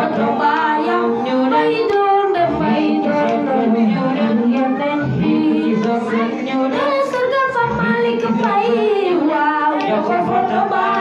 Foto Malik Fai, wow, foto Malik.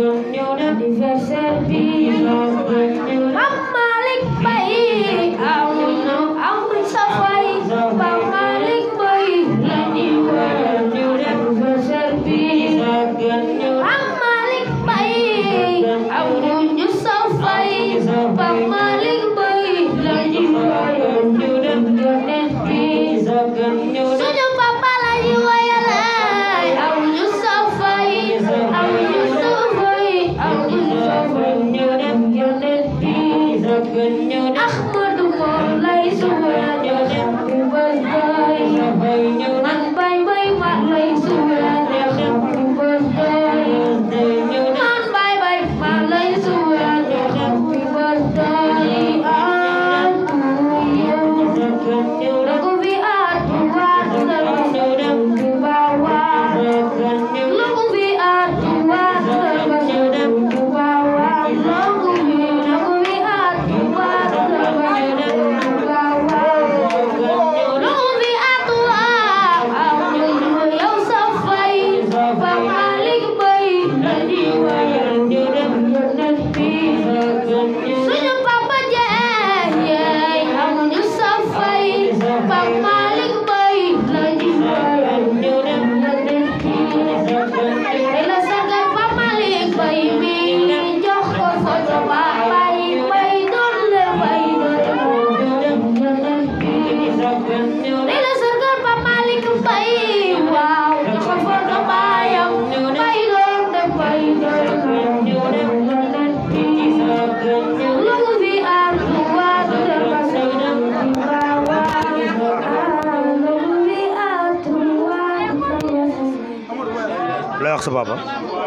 L'unione diversa vita أحمد مولاي سبحان الله Thank you. lay wax sa papa